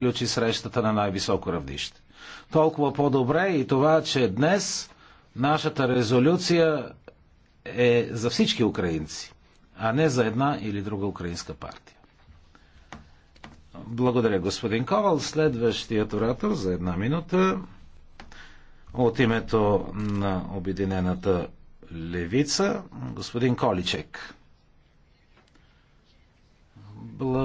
приключи срещата на най-високо равнище. Толкова по-добре и това, че днес нашата резолюция е за всички украинци, а не за една или друга украинска партия. Благодаря, господин Ковал. Следващият оратор за една минута от името на Обединената левица, господин Количек. Благодаря.